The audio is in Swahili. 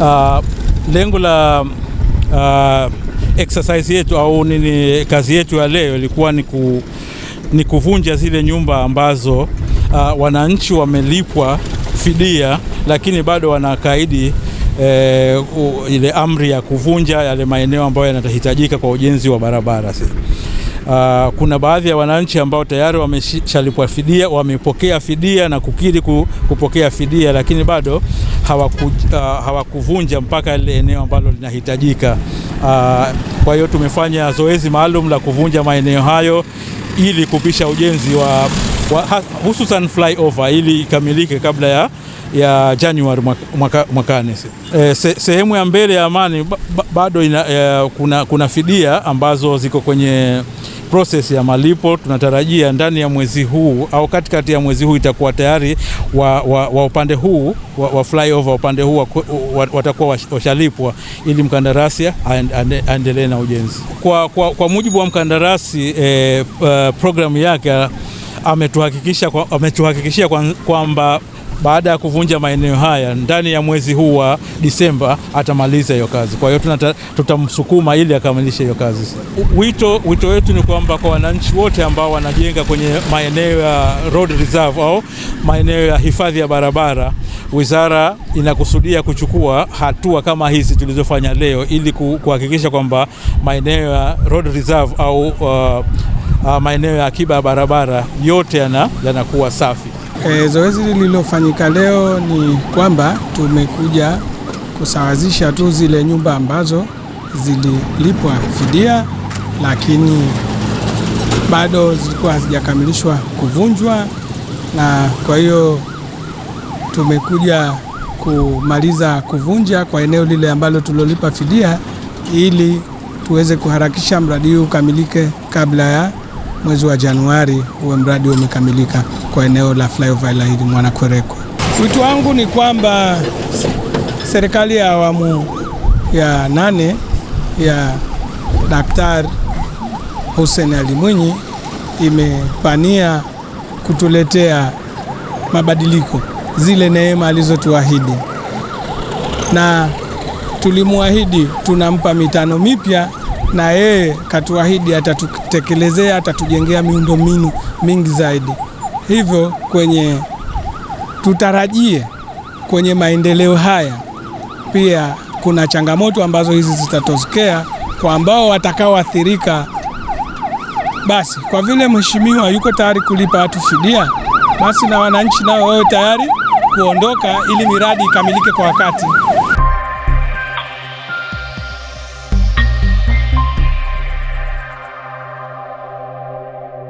uh, lengo la uh, exercise yetu au nini, kazi yetu ya leo ilikuwa ni ku, ni kuvunja zile nyumba ambazo uh, wananchi wamelipwa fidia lakini bado wanakaidi eh, ile amri ya kuvunja yale maeneo ambayo yanahitajika kwa ujenzi wa barabara. Uh, kuna baadhi ya wananchi ambao tayari wameshalipwa fidia, wamepokea fidia na kukiri kupokea fidia, lakini bado hawaku, uh, hawakuvunja mpaka ile eneo ambalo linahitajika. Uh, kwa hiyo tumefanya zoezi maalum la kuvunja maeneo hayo ili kupisha ujenzi wa, wa hususan flyover ili ikamilike kabla ya, ya Januari mwaka, E, se, sehemu ya mbele ya Amani bado ina, e, kuna, kuna fidia ambazo ziko kwenye process ya malipo tunatarajia ndani ya mwezi huu au katikati ya mwezi huu itakuwa tayari wa, wa, wa upande huu wa, wa flyover upande huu wa, wa, watakuwa washalipwa ili mkandarasi aendelee na ujenzi kwa, kwa, kwa mujibu wa mkandarasi eh, uh, eh, programu yake ametuhakikisha ametuhakikishia kwamba kwa baada ya kuvunja maeneo haya ndani ya mwezi huu wa Disemba atamaliza hiyo kazi. Kwa hiyo tutamsukuma ili akamilishe hiyo kazi. Wito wito wetu ni kwamba kwa wananchi wote ambao wanajenga kwenye maeneo ya road reserve au maeneo ya hifadhi ya barabara, wizara inakusudia kuchukua hatua kama hizi tulizofanya leo ili kuhakikisha kwamba maeneo ya road reserve au uh, uh, maeneo ya akiba ya barabara yote yanakuwa yana safi. E, zoezi lililofanyika leo ni kwamba tumekuja kusawazisha tu zile nyumba ambazo zililipwa fidia lakini bado zilikuwa hazijakamilishwa kuvunjwa, na kwa hiyo tumekuja kumaliza kuvunja kwa eneo lile ambalo tulilolipa fidia ili tuweze kuharakisha mradi huu ukamilike kabla ya mwezi wa Januari uwe mradi umekamilika kwa eneo la flyover la hili Mwanakwerekwe. Wito wangu ni kwamba serikali ya awamu ya nane ya Daktari Hussein Ali Mwinyi imepania kutuletea mabadiliko zile neema alizotuahidi, na tulimwahidi tunampa mitano mipya na yeye katuahidi atatutekelezea, atatujengea miundombinu mingi zaidi. Hivyo kwenye tutarajie kwenye maendeleo haya pia kuna changamoto ambazo hizi zitatokea kwa ambao watakaoathirika. Basi kwa vile mheshimiwa yuko tayari kulipa watu fidia, basi na wananchi nao wawe tayari kuondoka ili miradi ikamilike kwa wakati.